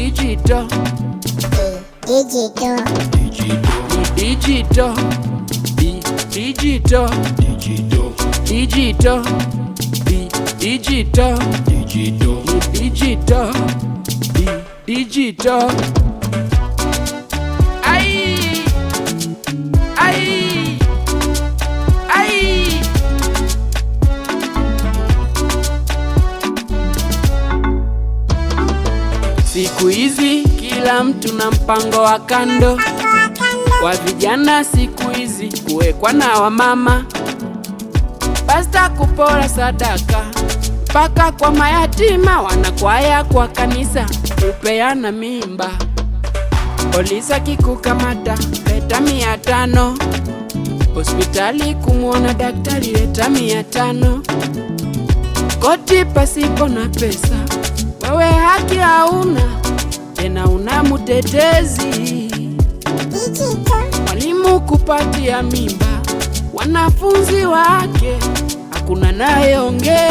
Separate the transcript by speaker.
Speaker 1: Digital.
Speaker 2: Digital.
Speaker 1: Digital. Digital. Digital. Digital. Digital. Digital. Digital. Digital. Siku hizi kila mtu na mpango wa kando kwa vijana, siku hizi kuwekwa na wamama, pasta kupora sadaka mpaka kwa mayatima, wanakwaya kwa kanisa kupeana mimba, polisa kikukamata leta mia tano, hospitali kumwona daktari leta mia tano koti pasipo na pesa, wewe haki hauna tena, una mutetezi mwalimu kupatia mimba wanafunzi wake, hakuna nayeongea